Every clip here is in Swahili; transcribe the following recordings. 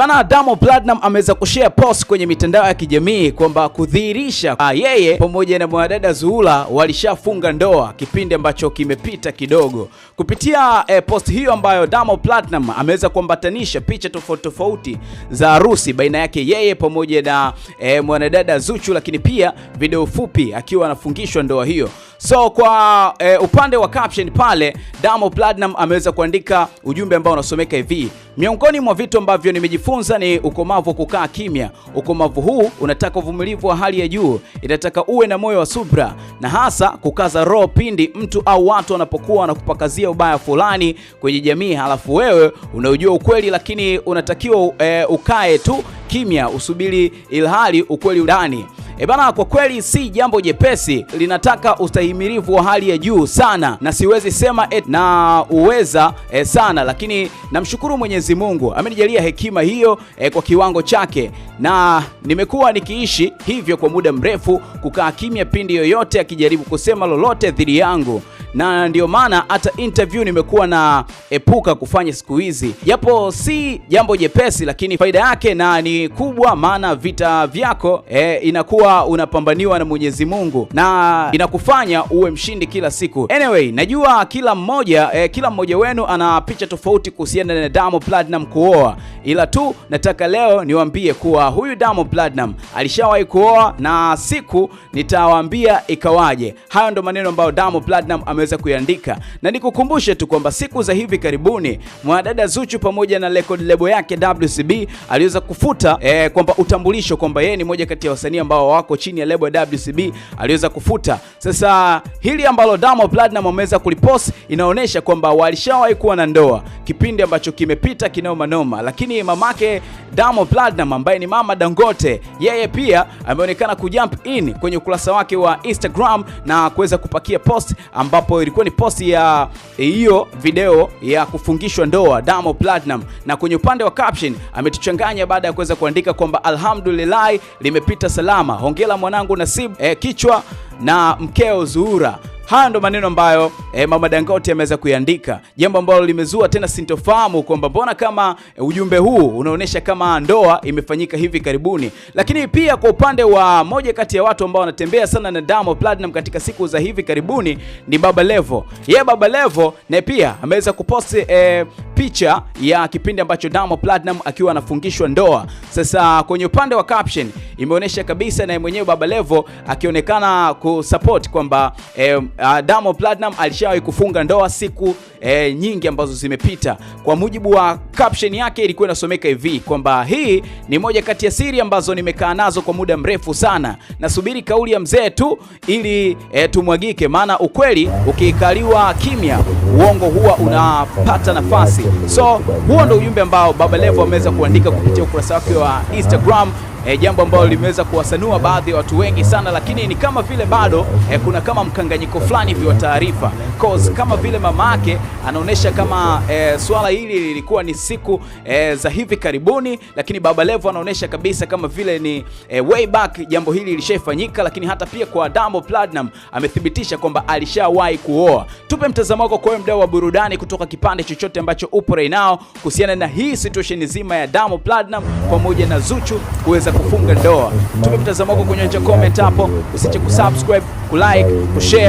Bana, Diamond Platnumz ameweza kushare post kwenye mitandao ya kijamii kwamba kudhihirisha ah, yeye pamoja na mwanadada Zuhura walishafunga ndoa kipindi ambacho kimepita kidogo. Kupitia eh, post hiyo ambayo Diamond Platnumz ameweza kuambatanisha picha tofauti tofauti za harusi baina yake yeye pamoja na eh, mwanadada Zuchu, lakini pia video fupi akiwa anafungishwa ndoa hiyo. So kwa eh, upande wa caption pale Diamond Platnumz ameweza kuandika ujumbe ambao unasomeka hivi: Miongoni mwa vitu ambavyo nimejifunza ni ukomavu wa kukaa kimya. Ukomavu huu unataka uvumilivu wa hali ya juu, inataka uwe na moyo wa subra na hasa kukaza roho pindi mtu au watu wanapokuwa wanakupakazia ubaya fulani kwenye jamii, halafu wewe unaojua ukweli, lakini unatakiwa e, ukae tu kimya usubiri ilhali ukweli ndani. E bana, kwa kweli si jambo jepesi, linataka ustahimilivu wa hali ya juu sana, na siwezi sema et, na uweza e, sana, lakini namshukuru mwenye Mwenyezi Mungu amenijalia hekima hiyo eh, kwa kiwango chake, na nimekuwa nikiishi hivyo kwa muda mrefu, kukaa kimya pindi yoyote akijaribu kusema lolote dhidi yangu, na ndio maana hata interview nimekuwa na epuka kufanya siku hizi, japo si jambo jepesi, lakini faida yake na ni kubwa, maana vita vyako eh, inakuwa unapambaniwa na Mwenyezi Mungu na inakufanya uwe mshindi kila siku. Anyway, najua kila mmoja eh, kila mmoja wenu ana picha tofauti kuhusiana na Diamond Platinum kuoa, ila tu nataka leo niwaambie kuwa huyu Diamond Platinum alishawahi kuoa na siku nitawaambia ikawaje. Hayo ndo maneno ambayo Diamond Platinum ameweza kuiandika, na nikukumbushe tu kwamba siku za hivi karibuni mwanadada Zuchu pamoja na record label yake WCB aliweza kufuta e, kwamba utambulisho kwamba yeye ni moja kati ya wasanii ambao wako chini ya label ya WCB aliweza kufuta. Sasa hili ambalo Diamond Platinum ameweza kulipost inaonyesha kwamba walishawahi kuwa na ndoa kipindi ambacho kimepita vita kinayomanoma, lakini mamake Diamond Platnumz ambaye ni mama Dangote, yeye pia ameonekana kujump in kwenye ukurasa wake wa Instagram na kuweza kupakia post ambapo ilikuwa ni post ya hiyo video ya kufungishwa ndoa Diamond Platnumz, na kwenye upande wa caption ametuchanganya baada ya kuweza kuandika kwamba alhamdulillah, limepita salama, hongera mwanangu Nasib eh, kichwa na mkeo Zuhura Haya ndo maneno ambayo e, Mama Dangote ameweza kuiandika, jambo ambalo limezua tena sintofahamu kwamba mbona kama eh, ujumbe huu unaonyesha kama ndoa imefanyika hivi karibuni. Lakini pia kwa upande wa moja kati ya watu ambao wanatembea sana na damo platinum katika siku za hivi karibuni ni Baba Levo. Ye Baba Levo na pia ameweza kuposti e, eh, picha ya kipindi ambacho Diamond Platinum akiwa anafungishwa ndoa. Sasa kwenye upande wa caption imeonyesha kabisa naye mwenyewe Baba Levo akionekana kusupport kwamba eh, ah, Diamond Platinum alishawahi kufunga ndoa siku eh, nyingi ambazo zimepita. Kwa mujibu wa caption yake ilikuwa inasomeka hivi kwamba hii ni moja kati ya siri ambazo nimekaa nazo kwa muda mrefu sana, nasubiri kauli ya mzee tu ili eh, tumwagike, maana ukweli ukikaliwa kimya uongo huwa unapata nafasi. So huo ndo ujumbe ambao Baba Levo ameweza kuandika kupitia ukurasa wake wa Instagram e, jambo ambalo limeweza kuwasanua baadhi ya watu wengi sana, lakini ni kama vile bado e, kuna kama mkanganyiko fulani hivi wa taarifa cause kama vile mama yake anaonyesha kama e, swala hili lilikuwa ni siku e, za hivi karibuni, lakini Baba Levo anaonyesha kabisa kama vile ni e, way back jambo hili lilishafanyika, lakini hata pia kwa Diamond Platinum amethibitisha kwamba alishawahi kuoa. Tupe mtazamo wako kwa mdau wa burudani kutoka kipande chochote ambacho upo right now kuhusiana na hii situation nzima ya Damo Platinum pamoja na Zuchu kuweza kuweza kufunga ndoa. Tupe mtazamo wako kwenye comment hapo, usiche kusubscribe, kulike, kushare.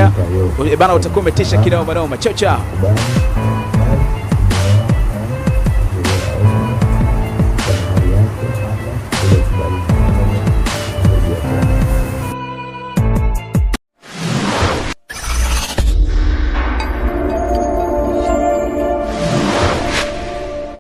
Eh, bana, utakuwa umetisha kinaoma Chao chao.